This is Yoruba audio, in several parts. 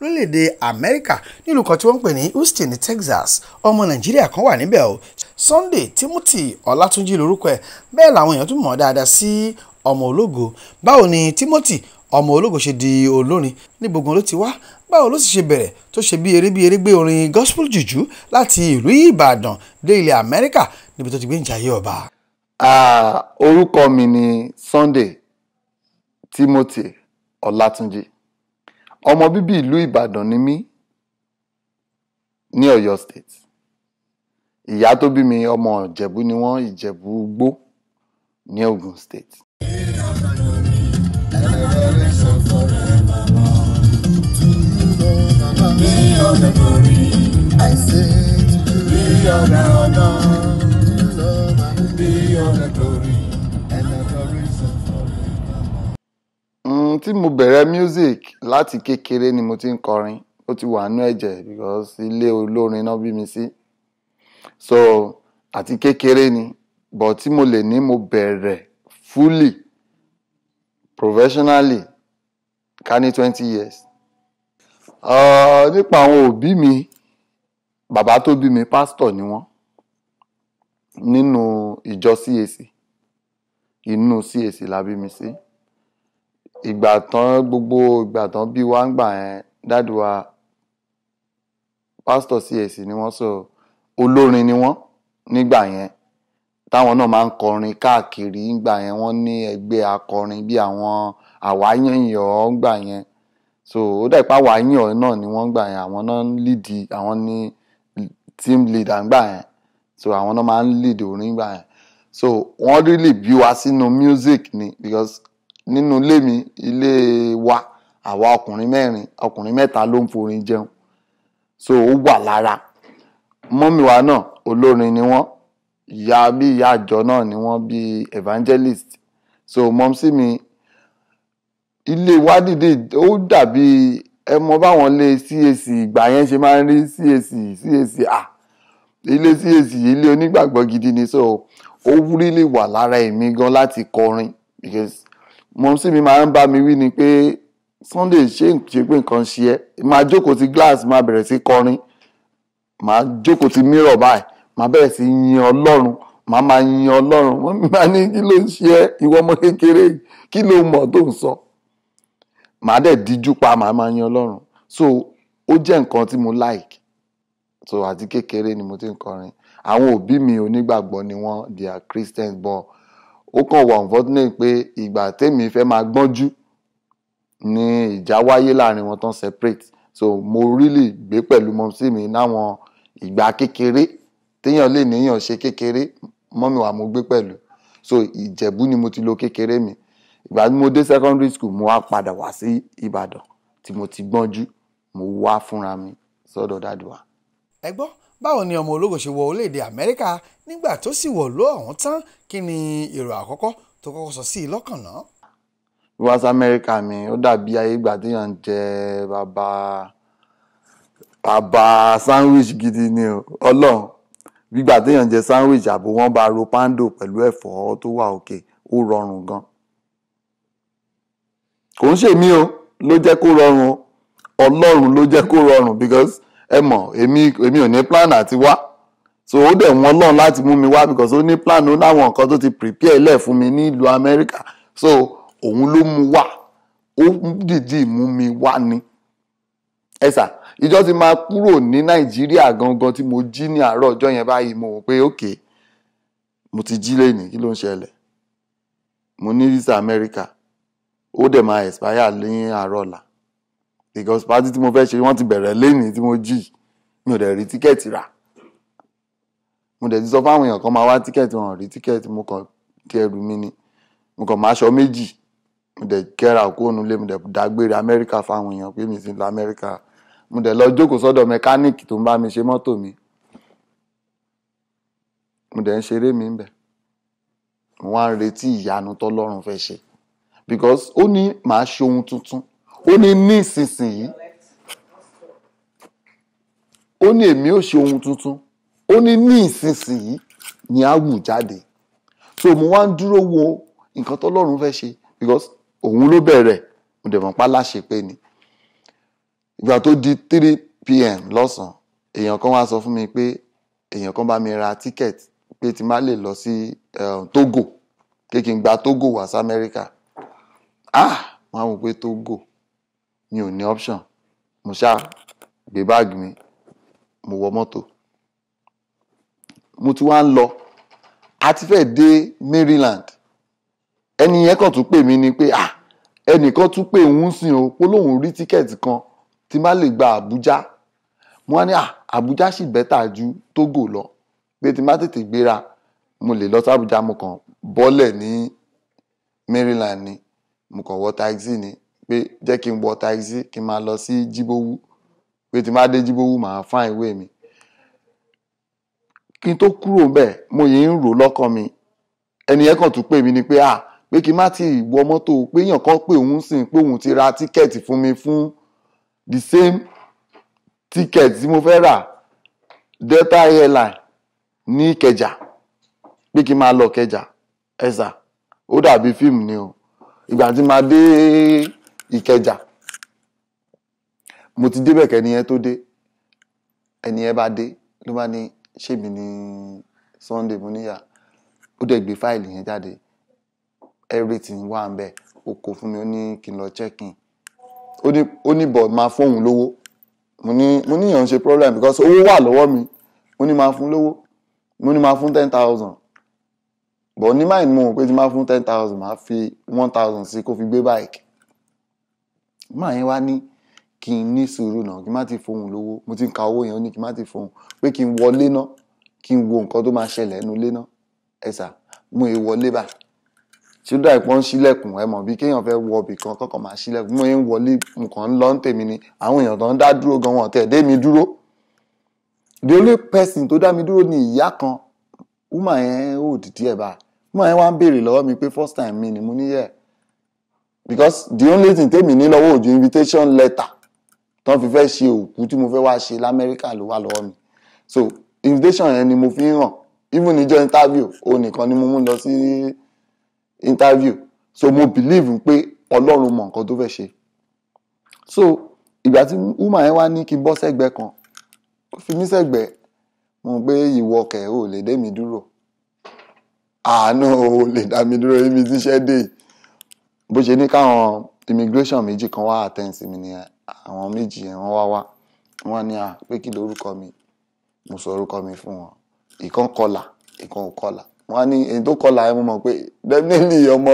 lórílẹ̀‐èdè amẹ́ríkà nílùú kan tí wọ́n ń pè ní houston ní texas ọmọ nàìjíríà kan wà níbẹ̀ o sunday timothy ọlátúnjì lórúkọ ẹ̀ bẹ́ẹ̀ làwọn èèyàn tún mọ̀ dáadáa sí ọmọ ológo báwo ni timothy ọmọ ológo ṣe di olórin ní gbogbo ló ti wá báwo ló sì ṣe bẹ̀rẹ̀ tó ṣe bí eré bí eré gbé orin gospel juju láti ìlú ìbàdàn dé ilẹ̀ amẹ́ríkà níbi tó ti gbé ń jayé ọba. orúkọ mi ni sunday timothy ọlátúnjì ọmọ bíbí ìlú ìbàdàn ni mí ní ọ̀yọ́ state ìyá tó bí mi ọmọ ìjẹ̀bú ni wọ́n ìjẹ̀bú gbó ní ogun state. Be on the glory. tí mo bẹ̀rẹ̀ music láti kékeré ni mo ti ń kọrin ó ti wà nú ẹ̀jẹ̀ because ilé olórin náà bí mi sí so àti kékeré ni but tí mo lè ní mo bẹ̀rẹ̀ fully professionally ká ní twenty years uh, nípa àwọn òbí mi bàbá tó bí mi pásítọ̀ ni wọ́n nínú ìjọ CAC inú CAC la bí mi sí. Si ìgbà tán gbogbo ìgbà tán bí wá ń gbà yẹn dáàdì wa pásítọ̀ ni wọ́n sọ olórin ni wọ́n nígbà yẹn táwọn náà máa ń kọrin káàkiri ńgbà yẹn wọ́n ní ẹgbẹ́ akọrin bí àwọn àwáyànyọ̀ ńgbà yẹn so ó dẹ̀ pa àwáyànyọ̀ náà ni wọ́n gbà yẹn àwọn náà ń líìdì àwọn ní team leader ńgbà yẹn so àwọn náà máa ń lead orin ńgbà yẹn so wọ́n really bí wa sínú music ni because nínú ilé mi ilé wa àwa ọkùnrin mẹ́rin ọkùnrin mẹ́ta ló ń forin jẹun so ó wà lára mọ́mì wa náà olórin ni wọ́n ìyá bí ìyá àjọ náà ni wọ́n bí evangelist so mọ́mísí mi ilé wa dìde ó dàbí ẹ mọ báwọn lé CAC ìgbà yẹn ṣe máa ń rí CAC CAC à ilé CAC ilé onígbàgbọ́ gidi ni so ó really wà lára èmi gan láti kọrin because mọ̀mísí mi máa ń bá mi wí ni pé Sunday ṣé ṣe pé nǹkan ṣe ẹ́ máa jókòó ti glass máa bẹ̀rẹ̀ sí kọrin máa jókòó ti mirror báyìí máa bẹ̀rẹ̀ sí yin Ọlọ́run máa máa yin Ọlọ́run wọ́n máa ní kí ló ń ṣe ẹ́ ìwọ ọmọ kékeré kí ló mọ̀ tó ń sọ màá dẹ̀ díjú pa màá máa yin Ọlọ́run so ó jẹ́ nǹkan tí mo like so àti kékeré ni mo ti ń kọrin àwọn òbí mi onígbàgbọ́ ni wọ́n they are Christians born ó kàn wà unfortunate pé ìgbà tèmi fẹ́ máa gbọ́njú ni ìjà wáyé láàrin wọn tán separate so mo really gbé pẹ̀lú mọ́mísí mi náwọn ìgbà kékeré téèyàn lè níyàn ṣe kékeré mọ́mí wa mo gbé pẹ̀lú so ìjẹ̀bú ni mo ti lò kékeré mi ìgbà tí mo dé secondary school mo wá padà wá sí ìbàdàn tí mo ti gbọ́njú mo wá fúnra mi sọ́dọ̀ dáadùá. ẹ gbọ́ báwo ni ọmọ ológo ṣe wọ orílẹ̀-èdè amẹ́ríkà nígbà tó sì wọ̀ ló ọ̀hún tán kí ni èrò àkọ́kọ́ tó kọ́kọ́ sọ sí i lọ́kàn náà. wá sí amẹ́ríkà mi ó dàbí ayé ìgbà téèyàn ń jẹ bàbá bàbá sandwich gidi ni ọlọ́run gbígbà téèyàn ń jẹ sandwich àbò wọ́n bá ro pando pẹ̀lú ẹ̀fọ́ tó wà òkè ó rọrùn gan kò ń ṣèmí o ló jẹ́ kó rọrùn ọlọ́run ló jẹ́ kó rọrùn because ẹ mọ̀ èmi èmi ò ní plan àti wá so ó dẹ̀ wọ́n lọ́n láti mú mi wá because ó ní plan ó láwọn nǹkan tó ti prepare lẹ̀ fún mi ní ìlú Amẹ́ríkà so òun ló mu wá ó dìdí mú mi wá ni ẹ sà ìjọ ti máa kúrò ní Nàìjíríà gangan tí mo jí ní àárọ̀ ọjọ́ yẹn báyìí mo wò pé okay mo ti jí lẹ́yìn kí ló ń ṣẹlẹ̀ mo ní visa Amẹ́ríkà ó dẹ̀ máa expire ní àárọ̀ ọ̀la because party tí mo fẹ́ ṣe wọ́n ti bẹ̀rẹ̀ lẹ́nìí tí mo jì mi ò dẹ̀ rí tíkẹ́ẹ̀tì rà mo dẹ̀ ti sọ fáwọn èèyàn kan máa wá tíkẹ́ẹ̀tì wọn rí tíkẹ́ẹ̀tì mo kàn ti ẹrù mi ni mo kàn máa aṣọ méjì mo dẹ̀ kẹ́ra òkúònú lé mo dẹ̀ dágbére amẹ́ríkà fáwọn èèyàn pé mi ti lọ amẹ́ríkà mo dẹ̀ lọ jókòó sọ́dọ̀ mẹkáníìkì tó ń bá mi ṣe mọ́tò mi mo dẹ̀ ń ṣeré mi ń bẹ̀ mo wá ń retí ìyanu tọ́lọ́run fẹ́ ṣe because ó ní màá ṣe ohun tuntun ó ní ní ìsinsìnyí ó ní èmi ó ṣe ohun tuntun ó ní ní ìsinsìnyí ni a wù jáde so mo wá ń dúró wo nǹkan tọ́lọ́run fẹ́ ṣe because òun ló bẹ̀rẹ̀ mo dẹ̀ mọ̀ pa láṣẹ pé ni ìgbà tó di three pm lọ́sàn-án èèyàn kan wá sọ fún mi pé èèyàn kan bá mi ra ticket pé tí má lè lọ sí eh, Togo pé kí gba Togo wá sí Amẹ́ríkà ah máa wò pé Togo mi ò ní option mo ṣáà gbé báàgì mi mo wọ mọ́tò mo ti wá ń lọ a ti fẹ́ dé Maryland ẹni yẹn kàn tún pè mí ni pé ah ẹnìkan tún pé òun sìn o pé lóun rí tíkẹ́ẹ̀tì kan tí má lè gba Àbújá mo wá ní ah Àbújá sì bẹ́tà ju Tógò lọ pé tí má tètè gbéra mo lè lọ sí Àbújá mo kàn bọ́lẹ̀ ní Maryland ni mo kàn wọ taxi ni pé jẹ́ kí n wọ taxi kí n máa lọ sí Jíbówú pé tí n bá dé Jíbówú màá fáìn ìwé mi kí n tó kúrò bẹ́ẹ̀ mo yìí ń rò lọ́kàn mi ẹnìyẹn kan tún pè mí ni pé ah pé kí n má ti wọ mọ́tò pé èèyàn kan pé òun sì ń pé òun ti ra tíkẹ́ẹ̀tì fún mi fún the same ticket tí mo fẹ́ rà Delta airline ní Ìkẹjà pé kí n máa lọ Ìkẹjà ẹ̀sà ó dàbí fíìmù ni o ìgbà tí màá dé Ìkẹjà mo ti débẹ̀ kẹ́ni yẹn tó dé ẹni yẹn bá dé ló bá ní ṣèmi ní Sunday mo níyà ó dẹ̀ gbé fáìlì yẹn jáde everything wà ń bẹ̀ ó kó fún mi ó ní kí n lọ check in ó ní bọ̀ máa fóun lówó mo ní mo problem because owó wà lọ́wọ́ mi mo ní máa fún lówó mo ní máa fún ten thousand but ní mind mo mọ̀ pé tí máa fún ten thousand máa fi one thousand sí kó fi gbé bike máa yẹn wá ní kí n ní sùúrù náà kí n má ti fohùn lówó mo ti ń ka owó yẹn ó ní kí n má ti fohùn pé kí n wọlé náà kí n wo nǹkan tó máa ṣẹlẹ̀ ẹnu ilé náà ẹ mo è wọlé bà tí ó dà ìpọ́n ń ṣílẹ̀kùn ẹ mọ̀ bí kéèyàn fẹ́ wọ ibì kan kọ́kọ́ máa ṣílẹ̀kùn mo è wọlé nǹkan ń lọ ń tèmi ni àwọn èèyàn tó ń dá dúró gan wọn tẹ̀ dé mi dúró the only person tó dá mi dúró ni ìyá kan woman yẹn ò dìdí ẹ̀ bá woman yẹn wá ń béèrè lọ́wọ́ mi pé first time mi ni mo níyẹ̀ẹ́ because the only thing tèmi ní lọ́wọ́ ojú invitation letter tán fi fẹ́ ṣe òkú tí mo fẹ́ wá ṣe lamẹ́ríkà ló wà lọ́wọ́ mi so invitation yẹn ni mo fi ń hàn even níjọ́ interview o nìkan ni mo mú lọ sí interview so mo believe pé ọlọ́run mọ̀ nǹkan tó fẹ́ ṣe so ìgbà tí woman yẹn wá ní kí n bọ́ sẹ́gbẹ́ kan ó fi mí sẹ́gbẹ́ mo gbé ìwọ kẹ̀ ò lè dé mi dúrò àánú ò lè dá mi dúró ibi tíṣẹ́ dé yìí bó ṣe ní káwọn immigration méjì kan wá àtẹ̀sí mi nìyẹn àwọn méjì yẹn wọ́n wá wá wọ́n ní à pé kí lórúkọ mi mo sọ orúkọ mi fún wọn ìkan kọlà ìkan ò kọlà wọ́n ní èyí tó kọlà ẹ mo mọ̀ pé definitely ọmọ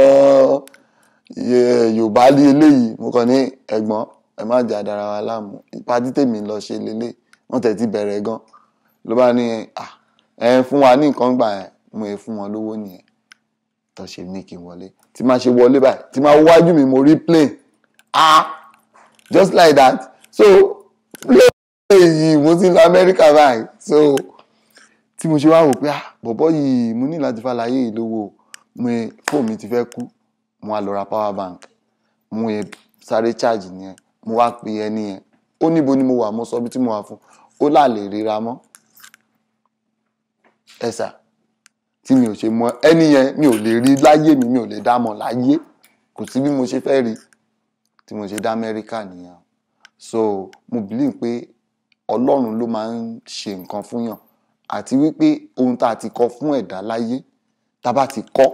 Yorùbá lé eléyìí mo kàn ní ẹ̀gbọ́n ẹ má jà dára wa láàmú ìpàdé tèmi lọ ṣe lélẹ̀ wọ́n tẹ̀ ti bẹ̀rẹ̀ gan ló bá ní ẹ fún wa ní nǹkan gbà yẹn mo yẹ fún wọn lówó nìyẹn tó ṣe ní kí n wọlé tí máa ṣe wọlé báyìí tí máa wájú mi mo rí plane ah just like that so plane yìí mo ti lọ America, báyìí so tí mo ṣe wá wò pé ah bọ̀bọ̀ yìí mo ní láti fàlàyé ìlówó mo fóònù mi ti fẹ́ kú mo wá lọ ra power bank mo yẹ sáré charge nìyẹn mo wá pe ẹni yẹn ó níbo ni mo wà mo sọ bí tí mo wà fún ó láàlè ríra mọ́ ẹ̀sà. E tí mi ò ṣe mọ ẹni yẹn mi ò lè rí láyé mi mi ò lè dá mọ̀ láyé kò sí bí mo ṣe fẹ́ rí tí mo ṣe dá Amẹ́ríkà nìyẹn so mo believe pé Ọlọ́run ló máa ń ṣe nǹkan fún yàn àti wípé ohun tá a ti kọ fún ẹ̀dá láyé tá a bá ti kọ́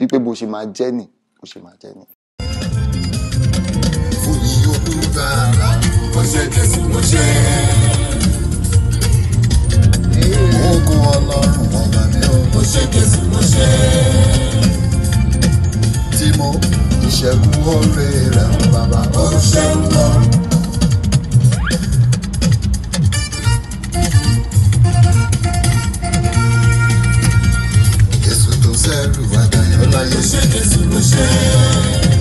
wípé bó ṣe máa jẹ́ nì bó ṣe máa jẹ́ nì. Fúyì Ọlọ́run ọba mi o mo ṣe Jésù mo ṣe. tí mo ìṣẹ́gun ọ̀rẹ́ rẹ̀ bàbá ó ṣeun lọ. Jésù tó sẹ́rù àdáyọ̀ láyé. mo ṣe Jésù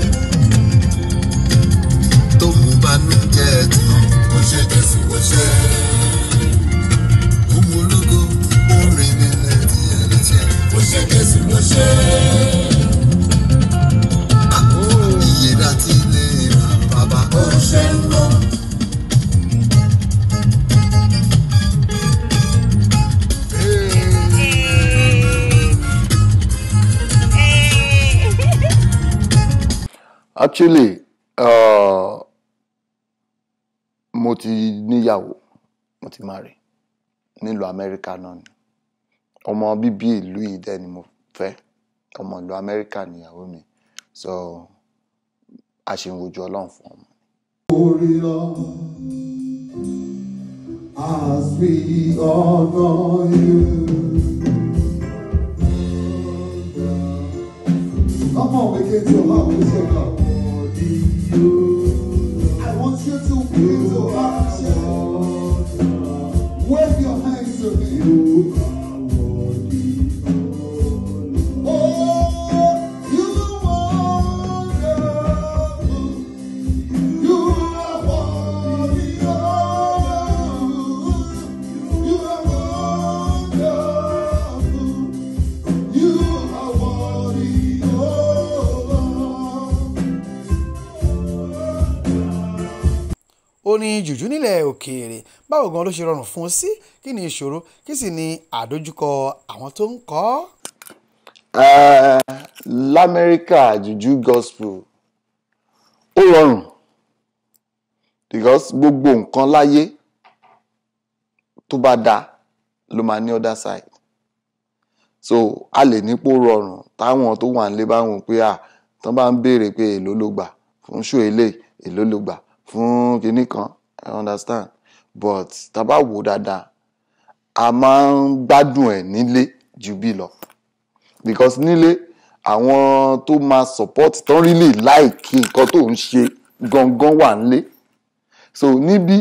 actually uh, mo ti níyàwó mo ti marry nílùú amẹ́ríkà náà ni ọmọ bíbí ìlú yìí dẹ̀ ni mo fẹ́ ọmọ ìlú amẹ́ríkà níyàwó mi so a ṣe ń wojú ọlọ́run fún ọmọ. orí lọ as we honor ọmọ òwe kejì ọlọ́run ṣe kàn. I want you to be so official. orin jùjú nílẹ̀ òkèèrè báwo gan ló ṣe rọrùn fún un sí kí ni ìṣòro kí sì ni àdójúkọ àwọn tó ń kọ lamẹ́ríkà jùjú gospel ó rọrùn because gbogbo nǹkan láyé tó bá dáa ló máa ní other side so a lè nípò rọrùn táwọn tó wà nílé bá wọn pé à tán bá ń béèrè pé èló ló gbà fún ṣó eléyìí èló ló gbà fún kinní kan I understand but tàbá wò dáadáa a máa ń gbádùn ẹ̀ nílé ju bí lọ because nílé àwọn tó máa support tán really like nǹkan tó ń ṣe gangan wà nílé so níbí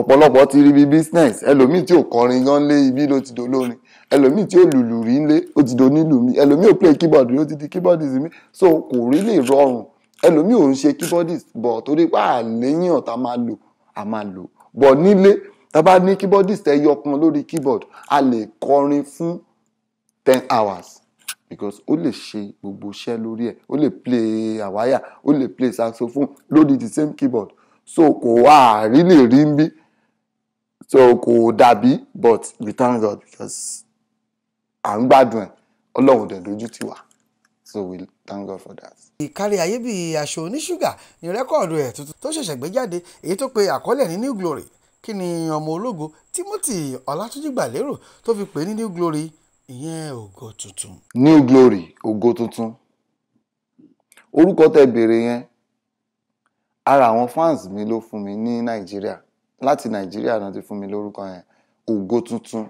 ọ̀pọ̀lọpọ̀ ti rí bí business ẹlòmíì tí ò kọrin gan lé ibi ló ti dolórin ẹlòmíì tí ò lùlù rí lé ó ti do nílùú mi ẹlòmíì ò play keyboard rí ó ti di keyboardist mi so kò rí lè rọrùn ẹlòmíì ò ń ṣe keyboardist bọ̀ torí pé àléyìn ọ̀tá máa lò a máa lò bọ̀ nílé tá a bá ní keyboardist ẹyọ kan lórí keyboard a lè kọrin fún ten hours because ó lè ṣe gbogbo iṣẹ́ lórí ẹ̀ ó lè play àwáyà ó lè play saxophone lórí the same keyboard so kò wá àárí lè rí ń bí so kò dàbí but we thank God because à ń gbádùn ẹ̀ ọlọ́run dẹ̀ lójú tiwa so we thank God for that. ìkárí ayé bíi aṣọ oníṣúgà ni rẹ́kọ̀dù ẹ̀ tuntun tó ṣẹ̀ṣẹ̀ gbé jáde èyí tó pe àkọlẹ̀ ní new glory kí ni ọmọ ológo Timothy Ọlátúnjí gbà lérò tó fi pè é ní new glory ìyẹn ògo tuntun. new glory ògo tuntun orúkọ tẹ béèrè yẹn ara àwọn fans mi ló fún mi ní Nàìjíríà láti Nàìjíríà náà ti fún mi lórúkọ yẹn ògo tuntun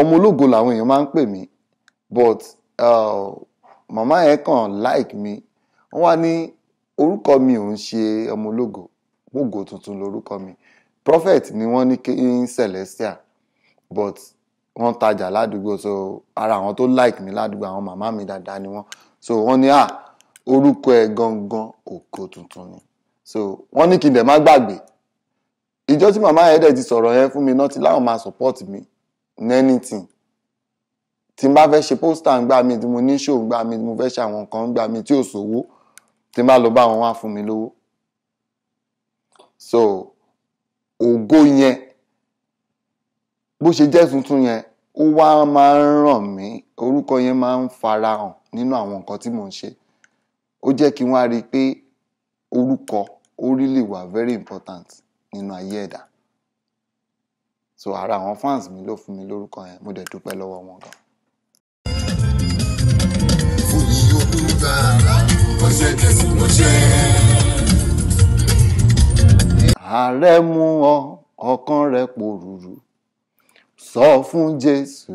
ọmọ ológo làwọn èèyàn máa ń pè mí but uh, màmá yẹn kàn like mi wọ́n wá ní orúkọ mi ò ń ṣe ọmọ ológo gbogbo tuntun lorúkọ mi prophet ni wọ́n ní king celestial but wọ́n tajà ládùúgbò so ara àwọn tó like mi ládùúgbò àwọn màmá mi dáadáa ni wọ́n so wọ́n ní à orúkọ ẹ̀ gangan ògo tuntun ni so wọ́n ní kí n dẹ̀ má gbàgbé ìjọ tí màmá yẹn dẹ̀ ti sọ̀rọ̀ yẹn fún mi náà ti láwọn máa support mi in anything tí n bá fẹ́ ṣe pósítà ń gbà mí tí mo ní ṣòwò gbà mí tí mo fẹ́ ṣe àwọn nǹkan ń gbà tí ò sówó tí n bá lọ bá wọn wá fún mi lówó so ògo yẹn bó ṣe jẹ́ tuntun yẹn ó wá máa ń ràn mí orúkọ yẹn máa ń farahàn nínú àwọn nǹkan tí mò ń ṣe ó jẹ́ kí wọ́n á rí i pé orúkọ ó really wà very important nínú ayé ẹ̀dá so ara àwọn fans mi ló fún mi lórúkọ yẹn mo dẹ̀ dúpẹ́ lọ́wọ́ wọn gan. ààrẹ mú ọ ọkàn rẹ pòrúurú sọ fún jésù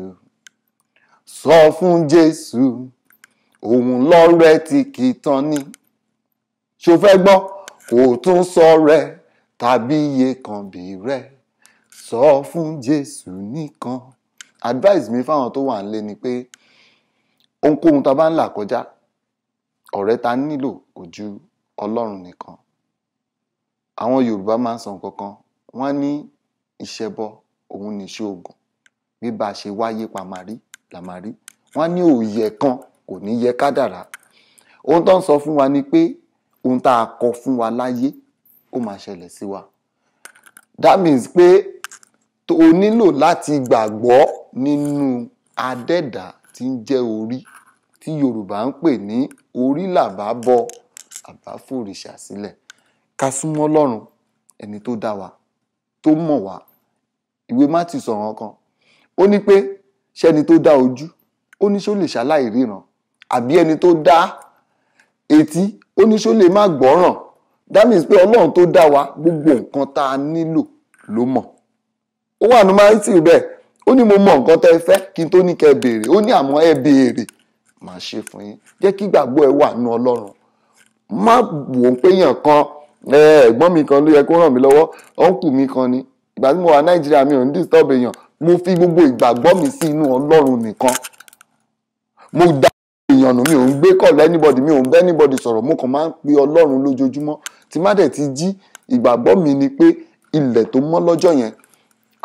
sọ fún jésù òun lọ́rẹ́ tí kì í tán ni ṣó fẹ́ gbọ́ kò tún sọ rẹ tàbí iye kan bí rẹ sọ fún jésù nìkan advice mi fáwọn tó wà ń lé ni pé ohunkóhun tá a bá ń là kọjá ọ̀rẹ́ ta nílò kò ju ọlọ́run nìkan àwọn yorùbá máa ń sọ nǹkan kan wọ́n ní ìṣẹbọ òun nìṣó oògùn bí bá a ṣe wáyé pàmàrí làmàrí wọ́n ní òòyẹ kan kò ní yẹ kádàrá ohun tó ń sọ fún wa ni pé ohun tá a kọ fún wa láyé ó máa ṣẹlẹ̀ sí wa that means pé o nílò láti gbàgbọ́ nínú adẹ́dàá tí ń jẹ́ orí tí Yorùbá ń pè ní orí làbá bọ àbá fòrìṣà sílẹ̀ ká súnmọ́ Ọlọ́run ẹni tó dá wa tó mọ̀ wá ìwé Mátì sọ̀rọ̀ kan ó ní pé ṣẹ́ni tó dá ojú ó ní ṣó lè ṣaláì ríran àbí ẹni tó dá etí ó ní ṣó lè má gbọ́ràn that means pé Ọlọ́run tó dá wa gbogbo nǹkan tá a nílò ló mọ̀ ó wà ní Mátì bẹ́ẹ̀ ó ní mo mọ̀ nǹkan tẹ́ fẹ́ kí n tó ní kẹ́ béèrè ó ní àmọ́ ẹ béèrè màá ṣe fún yín jẹ́ kí gbàgbọ́ ẹ wà nú ọlọ́run má wò ó pé èèyàn kan ẹ̀gbọ́n mi kan ló yẹ kó ràn mí lọ́wọ́ ọ̀nkù mi kan ni ìgbà tí mo wà nàìjíríà mi ò ń disturb èèyàn mo fi gbogbo ìgbàgbọ́ mi sí inú ọlọ́run nìkan mo dá èèyàn nù mi ò ń gbé kọ̀ lẹ́nìbọ̀dì mi ò ń bẹ́ níbọ̀dì sọ̀rọ̀ mo kàn máa ń pe ọlọ́run lójoojúmọ́ tí má dẹ̀ ti jí ìgbàgbọ́ mi ni pé ilẹ̀ tó mọ́ lọ́jọ́ yẹn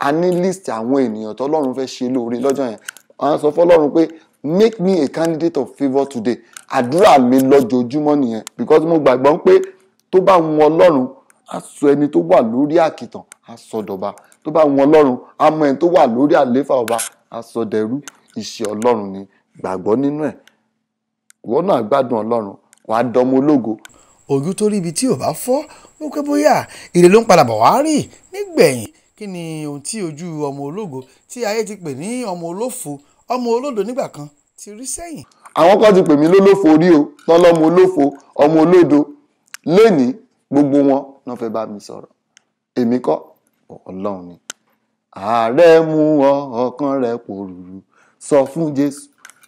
a ní list àwọn ènìyàn tọ́lọ́run fẹ́ ṣe lóore lọ́jọ́ yẹn a sọ fọlọ́run pé make me a candidate of favour today àdúrà mi lójoojúmọ́ nìyẹn because mo gbàgbọ́ pé tó bá wọn ọlọ́run á sọ ẹni tó wà lórí àkìtàn á sọ dọba tó bá wọn ọlọ́run á mọ ẹni tó wà lórí àléfà ọba á sọ dẹrú iṣẹ́ ọlọ́run ni gbàgbọ́ nínú ẹ̀ ìwọ náà gbádùn ọlọ́run wàá dọmọ ológo. ojú tó rí ibi tí ò bá fọ́ mo pé bóyá ire ló ń padà bọ̀ wá rí nígbẹ̀yìn kí ni ohun tí ojú ọmọ ológo tí ayé ti pè ní ọmọ olófo ọmọ olódò nígbà kan ti rí sẹ́yìn. àwọn kan ti pè mí lólófo orí o tán lọ́mọ olófo ọmọ olódo lẹ́ni gbogbo wọn náà fẹ́ bá mi sọ̀rọ̀ èmi kọ́ ọlọ́run ni. ààrẹ mú ọ ọkàn rẹ pòrúurú sọ fún jésù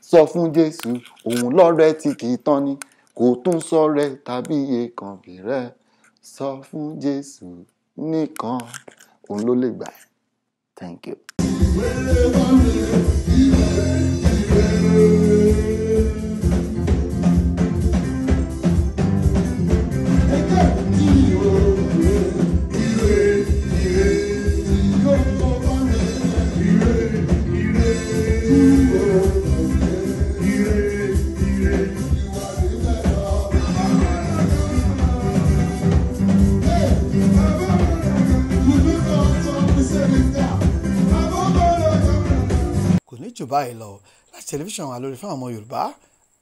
sọ fún jésù òun lọ́rẹ́ tí kì í tán ni kò tún sọ̀rẹ́ tàbí èèkàn bìrẹ́ sọ fún jésù nìkan òun ló lè gbà thank you. Wherever you are. jù báyìí lọ láti tẹlifíṣàn Alóore fún àwọn Yorùbá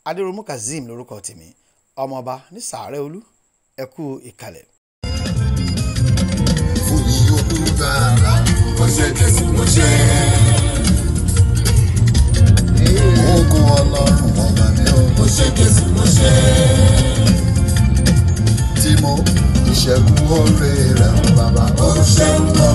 Adéròmú Kazeem lórúkọ tèmi ọmọọba ní sàárẹ̀ olú ẹ kú ìkàlẹ̀. fòyí olùgbàlà ọṣẹ jésù mọṣẹ ogun Ọlọ́run ọba tí mo ìṣẹ́gun ọ̀rẹ́ rẹ̀ bàbá ọṣẹ ń lọ.